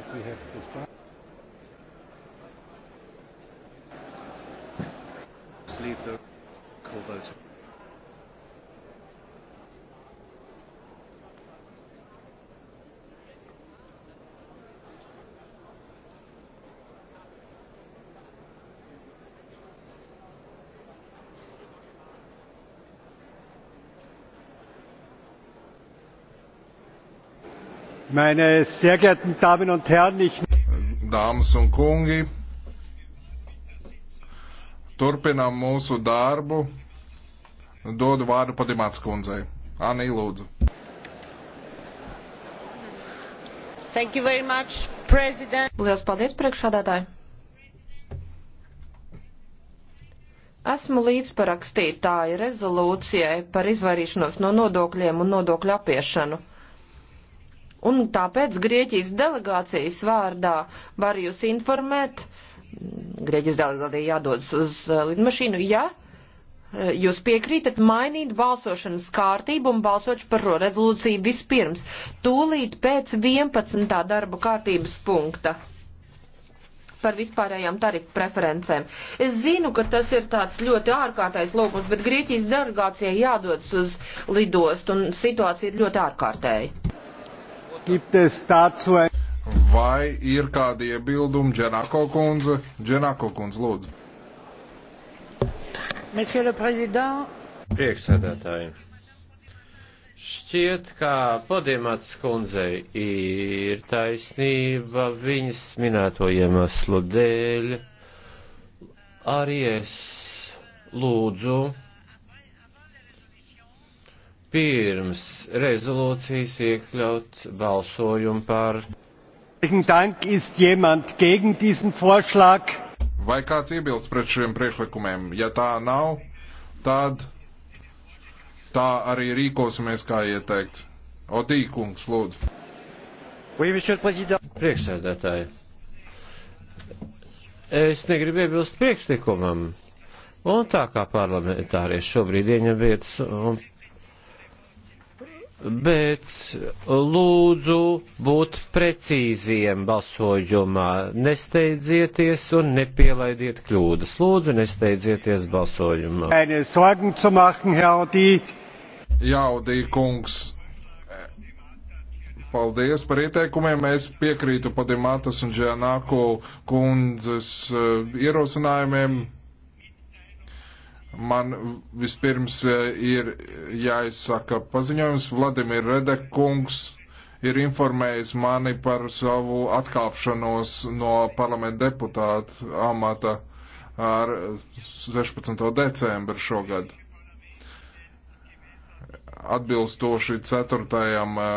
think we have this part. Leave the call voting. Meine sehr geehrten Damen und Herren, ich. Dāmas un kungi, turpinām mūsu darbu. Dodu vārdu Padimāts kundzei. Anī, lūdzu. Thank you very much, President. Lielas paldies, priekšādātāji. Esmu līdzparakstītāja rezolūcijai par izvairīšanos no nodokļiem un nodokļu apiešanu. Un tāpēc Grieķijas delegācijas vārdā var jūs informēt, Grieķijas delegācija jādodas uz eh, lidmašīnu, ja eh, jūs piekrītat mainīt balsošanas kārtību un balsot par šo rezolūciju vispirms, tūlīt pēc 11. darba kārtības punkta par vispārējām tarifu preferencēm. Es zinu, ka tas ir tāds ļoti ārkārtais lūgums, bet Grieķijas delegācijai jādodas uz lidostu un situācija ir ļoti ārkārtēja. Vai ir kādi iebildumi Dženako kundze? Dženako kundze, lūdzu. Monsieur le Président. Priekšsēdētāji. Šķiet, ka Podimats kundzei ir taisnība viņas minēto iemeslu dēļ. Arī es lūdzu pirms rezolūcijas iekļaut balsojumu par. Vai kāds iebilst pret šiem priekšlikumiem? Ja tā nav, tad tā arī rīkosimies, kā ieteikt. Otīkungs, lūdzu. Priekšsēdētāji, es negribu iebilst priekšlikumam. Un tā kā parlamentārieši šobrīd ieņem vietas un bet lūdzu būt precīziem balsojumā. Nesteidzieties un nepielaidiet kļūdas. Lūdzu, nesteidzieties balsojumā. Jaudī kungs, paldies par ieteikumiem. Es piekrītu Padimātas un Džēnāko kundzes eh, ierosinājumiem. Man vispirms e, ir jāizsaka paziņojums. Vladimir Redekungs ir informējis mani par savu atkāpšanos no parlamenta deputāta amata ar 16. decembru šogad. Atbilstoši ceturtajam e,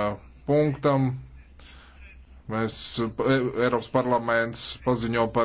punktam, mēs, e, Eiropas parlaments paziņo par